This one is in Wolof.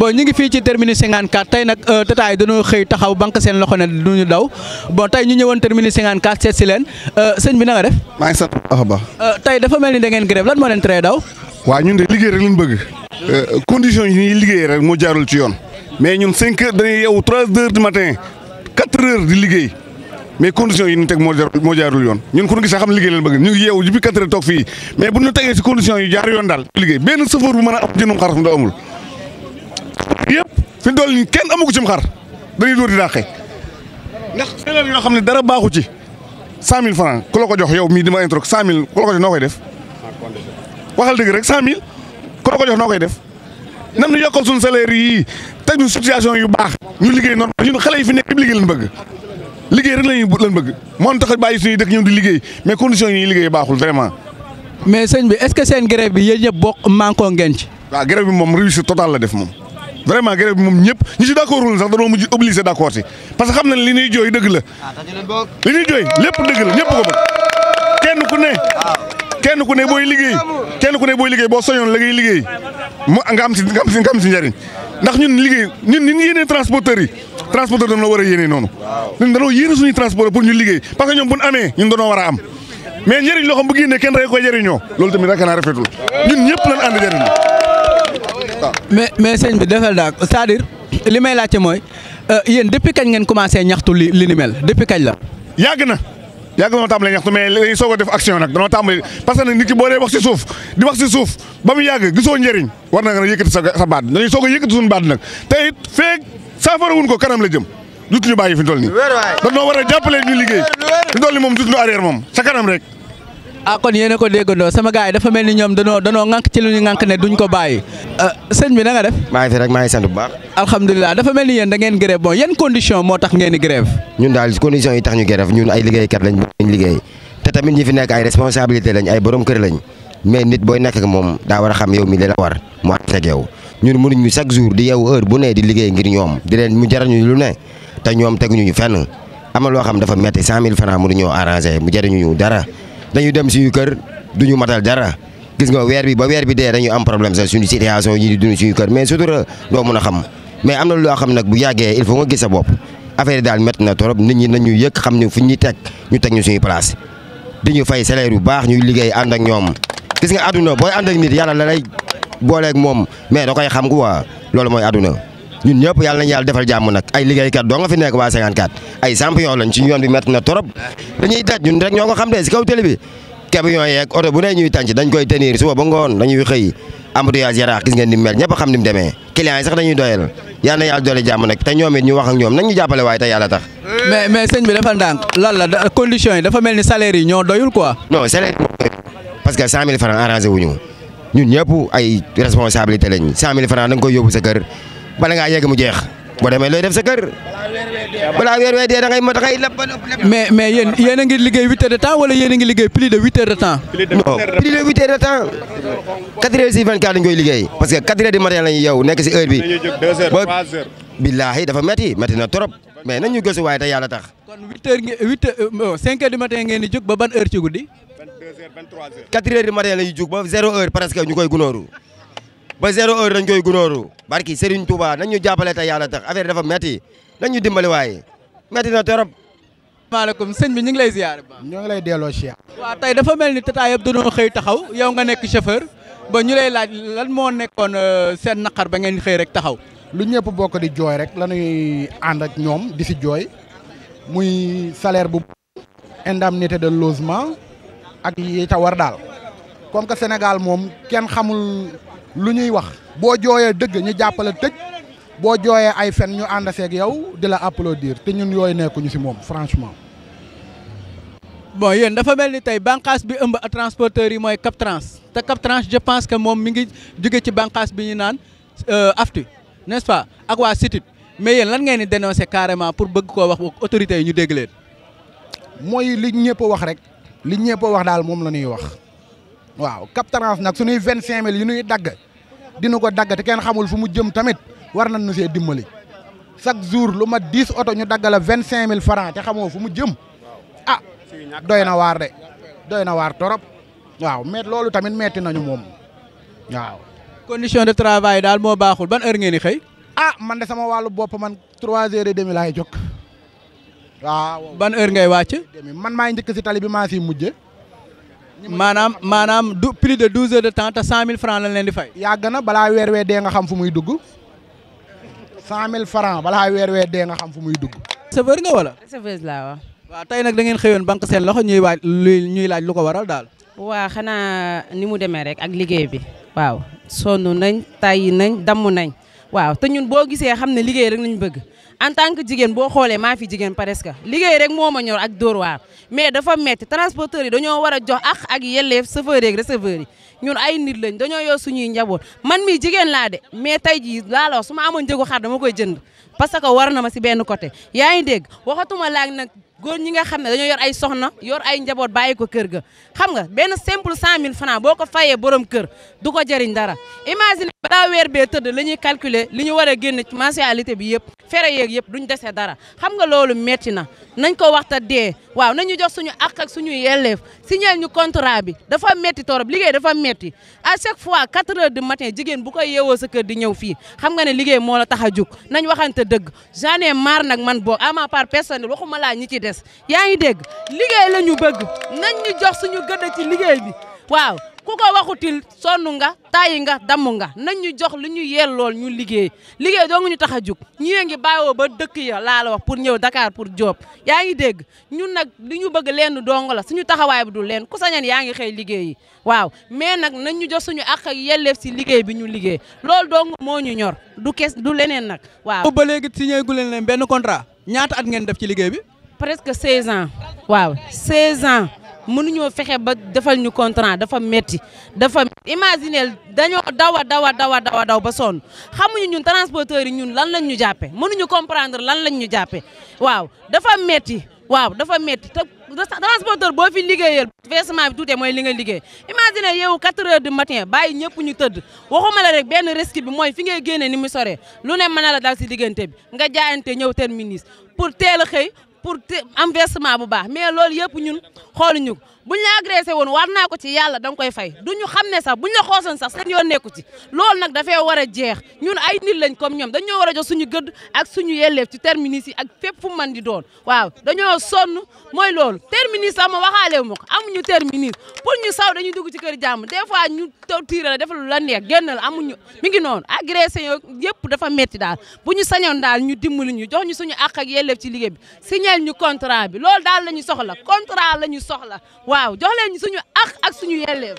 bon ñu ngi fii ci terminus 54 tey nag euh, tataay dañoo xëy taxaw banque seen loxo ne duñu daw bon tey ñu ñëwoon terminus 54 seet si leen euh, sëñ bi na def. maa sant baax a baax. Euh, dafa mel ni da ngeen grève lan moo leen teree daw. waaw ñun de liggéey rek lañ bëgg. condition yi ñuy liggéey rek moo jaarul ci yoon. mais ñun 5 heures dañuy yeewu 3 heures matin 4 heures di liggéey. mais condition yi ñu teg moo jaarul moo jaarul yoon ñun ku ñu gis xam yi jaar yoon daal liggéey benn chauffeur bu mën yëpp fi mu toll kenn kenn ci cim xar dañuy dóor di dàqe ndax élèves yoo xam ne dara baaxu ci cent mil franc ku la ko jox yow mii di ma intro cent mille ku la jox noo koy def waxal dëgg rek cent mille ku la ko jox noo koy def nam ñu yokkal suñu salaire yi teg ñu yu baax ñu liggéey noonu ñun xale yi fi nekk liggéey lañ bëgg liggéey lañu bëgg moom tax bàyyi suñuy dëkk ñëw di liggéey mais condition yi liggéey baaxul vraiment mais sëñ bi est-ce que seen grève bi yéen ñëpp bokk manko ngeen ci waaw grève bi moom réussite totale la def moom vraiment grève bi moom ñëpp ñi ci d'accordul sax dañoo mujj obligé d'accord si parce que xam na ne li ñuy jooy dëgg la ah, li ñuy jooy lépp dëgg la ñëpp ko bëgg kenn ku kenn ku booy liggéey boo soñoon la ngay liggéey mu nga am si nga am si nga ndax ñun liggéey ñun ñun yéenee transporteurs yi transporteur dañoo war a noonu ñun dañoo yéene suñuy transporteur pour ñu liggéey parce que ñoom bu ñu amee ñun dañoo war a am mais njëriñ loo xam bu génnee kenn rek koy mais mais sëñ bi defal daal cest à laajte mooy euh, yéen depuis kañ ngeen commencé ñaxtu li li ni kañ la. yàgg na yàgg na ma tàmbalee ñaxtu mais dañuy soog def action nag danoo tàmbalee parce que nag nit ki boo dee wax si suuf di wax si suuf ba mu yàgg gisoo njëriñ war na nga yëkkati sa baat dañuy soog yëkkati suñu baat nag te it saafara wuñ ko kanam la jëm. dut ñu bàyyi fi mu toll nii. dañoo war a jàppale ñu liggéey fi mu toll moom sa kanam ah kon yéen ko ko déggandoo sama gars yi dafa mel ni ñoom danoo danoo ci lu ñu ŋànk ne duñ ko bàyyi euh, sëñ bi na nga def. maa ngi fi rek maa ngi sant bu baax. alhamdulilah dafa mel ni yéen da ngeen grève bon yan condition moo tax ngeen di grève. ñun daal condition yi tax ñu grève ñun ay liggéeykat lañ ñu liggéey te tamit ñi fi nekk ay responsabilité lañ ay borom kër mais nit booy nekk moom daa war a xam yow mi li la war mu ànd ak mu ñun ñu chaque jour di yow heure bu nee di liggéey ngir ñoom di leen mu jarañu lu ne te ñoom teguñu ñu fenn am na loo xam dafa metti cent mille francs mënuñoo arrangé mu jariñu ñu dara dañu dem suñu kër du ñu matal dara gis nga weer bi ba weer bi dee dañu am problème sax suñu situation ñu di dund suñu kër mais sutura doo mën a xam mais am na loo xam nag bu yàggee il faut nga gis bopp affaire daal métti na trop nit ñi nañu yëkk xam ne fu ñuy teg ñu teg ñu suñu place di ñu fay salaire bu baax ñuy liggéey ànd ak ñoom gis nga àdduna booy ànd ak nit yàlla la lay booleek moom mais da koy xam quoi loolu mooy àdduna ñun ñëpp yàlla nañu yàlla defal jàmm nag ay liggéeykat doo nga fi nekk waa 54 ay champion lañ ci yoon bi métti na trop dañuy daj ñun rek ñoo ko xam de si kaw télé bi camion yeeg oto bu ne ñuy tànc dañ koy tenir suba ba ngoon dañuy xëy embouteillage yaraax gis ngeen ni mel ñëpp xam ni mu demee sax dañuy doyal yal na yàlla doole jàmm nag te ñoom it ñu wax ñoom nañ jàppale waaye te yàlla tax. mais bi dafa ndànk lan condition yi dafa mel ni salaire yi ñoo doyul quoi. non salaire parce que ñun ñëpp ay responsabilité lañ 100000 francs da nga koy sa kër bala ngaa yegg mu jeex boo demee looy def sa kër balaa weer wee dee da ngay da ngay leb ba lépp. mais mais yéen yéen liggéey huit heures de temps wala yéen a liggéey plus de huit heures de temps. plus de huit heures de temps quatre heures si vingt quatre dañ liggéey parce que quatre heures du matin lañuy yow nekk si heure bi. ba billaahi euh, euh, ban heure ci guddi. quatre heures du matin lañuy jóg ba zéro heure presque ñu koy gunóoru. ba zéro heure dañ koy gunóoru barki Serigne Touba nañ ñu jàppale te yàlla tax affaire dafa metti nañ ñu dimbali waaye metti na torop. maaleykum sëñ bi ñu ngi lay ziar ba ñoo ngi lay delloo Cheikh. waaw tey dafa mel ni tata yëpp dañoo xëy taxaw yow nga nekk chauffeur ba ñu laaj lan moo nekkoon euh, seen naqar ba ngeen xëy rek taxaw. lu ñëpp bokk di jooy rek la ñuy ànd ak ñoom di si jooy muy salaire bu. indemnité de logement ak yi war daal comme que Sénégal moom kenn xamul. lu ñuy wax boo jooyee dëgg ñu jàppale tëj boo jooyee ay fen ñu ànd seeg yow di la applaudir te ñun yooyu nekkuñu si moom franchement. bon yéen dafa mel ni tey bànqaas bi ëmb transporteurs yi mooy Captrans te Captrans je pense que moom mi ngi jóge ci bànqaas bi ñu naan euh, aftu n'est-ce pas ak waa sitit mais yéen lan ngeen di dénoncer carrément pour bëgg koo wax autorité yi ñu dégg leen. mooy li ñëpp wax rek li ñëpp wax daal moom la ñuy wax. waaw captarance nag suñuy vingt cinq mille yu ñuy dagg dina ko dagg te kenn xamul fu mu jëm tamit war nañ nu see dimbali chaque jour lu mat dix oto ñu dagg vingt cinq mille francs te xamoo fu mu jëm ah doy na waar de doy na waar torop waaw mais loolu tamit metti nañu moom waaw. condition de travail daal moo baaxul ban heure ngeen di xëy. ah man de sama wàllu bopp man trois heures et demi jox jóg waaw. ban heure ngay wàcc. man maay njëkk si tali bi maa siy mujjee. maanaam maanaam du plus de douze heures de temps te cent mille francs lañ leen di fay. yàgg na balaa weer wee xam fu muy dugg mille francs balaa weer wee dee nga xam fu muy dugg. chauffeur nga wala. chauffeur laa waaw. tey nag da ngeen xëyoon banque seen loxo ñuy waaj ñuy laaj lu ko waral daal. waa xanaa ni mu demee rek ak liggéey bi. waaw sonn nañ tàyyi nañ damm nañ. waaw te ñun boo gisee xam ne liggéey rek lañ bëgg. en tant que jigéen boo xoolee maa fi jigéen presque liggéey rek moo ma ñor ak Dóor mais dafa metti transporteurs yi dañoo war a jox ak ak yelleef chauffeur yeeg receveur yi ñun ay nit lañ dañoo yor suñuy njaboot man mii jigéen laa de mais tey jii laa la wax su ma amoon njëgu dama koy jënd parce que war na ma si benn côté yaa ngi dégg waxatuma laag nag góor ñi nga xam ne dañoo yor ay soxna yor ay njaboot bàyyi ko kër ga xam nga benn simple cent mille francs boo ko fayee borom kër du ko jëriñ dara imagine balaa weer bee tëdd la ñuy calculer li ñu war génn ci mensualité bi yëpp fere yeeg yëpp duñ dese dara xam nga loolu metti na nañ ko wax ta dee waaw nañu jox suñu àq ak suñu yelleef signeel ñu contrat bi dafa metti torop liggéey dafa metti à chaque fois 4 heures du matin jigéen bu koy yeewoo sa kër di ñëw fii xam nga ne liggéey moo la tax a jug nañ waxante dëgg j'en ai nag man boog à ma part personnelle waxuma laa ñi ci des yaa ngi dégg liggéey la ñu bëgg nañ ñu jox suñu gëdd ci liggéey bi waaw ku ko waxutil sonn nga yi nga damm nga nañ ñu jox lu ñu yeel lool ñu liggéey liggéey doo ngi ñu tax a jug ñëwee ngi bàyyoo ba dëkk ya laa la wax pour ñëw dakaar pour job yaa ngi dégg ñun nag li ñu bëgg leen dong la suñu taxawaay bi du leen ku sañan yaa ngi xëy liggéey waaw mais nag nañ ñu jox suñu àq ak yelleef si liggéey bi ñu liggéey loolu dong moo ñu ñor du kes du leneen nag waaw ba léegi signé gu leen benn contrat ñaat at ngeen def ci liggéey bi presque 16 ans waaw 16 mënuñoo fexe ba defal ñu contrat dafa metti dafa imaginel dañoo dawa dawa dawa dawa daw ba sonn xamuñu ñun transporteurs yi ñun lan lañ ñu jàppe mënuñu comprendre lan lañ ñu jàppe waaw dafa metti waaw dafa metti te transporteur boo fi liggéeyal versement bi tuutee mooy li nga liggéey imagine yow 4 heures du matin bàyyi ñëpp ñu tëdd waxuma la rek benn risque bi mooy fi nga génnee ni mu soree lu ne mën na la dal si diggante bi nga jaayante ñëw terminus pour teel a xëy pour te investissement bu baax mais loolu yëpp ñun xooluñu ko buñ la agressé woon war naa ko ci yàlla danga koy fay duñu xam ne sax buñ la xoosoon sax seen yoon nekku ci loolu nag dafee war a jeex ñun ay nit lañ comme ñoom dañoo war a jox suñu gëdd ak suñu yelleef ci terminus yi ak fépp fu mën di doon waaw dañoo sonn mooy loolu terminus sax ma waxaale ma ko amuñu terminus pour ñu saw dañuy dugg ci kër jàmm des fois ñu taw tiire la defal lu la neex génnal amuñu mi ngi noonu agressé yo yëpp dafa metti daal bu ñu sañoon daal ñu dimbali ñu jox ñu suñu àq ak yelleef ci liggéey bi signal ñu contrat bi loolu daal la ñu soxla contrat la ñu soxla waaw jox leen suñu ak ak suñu yelleef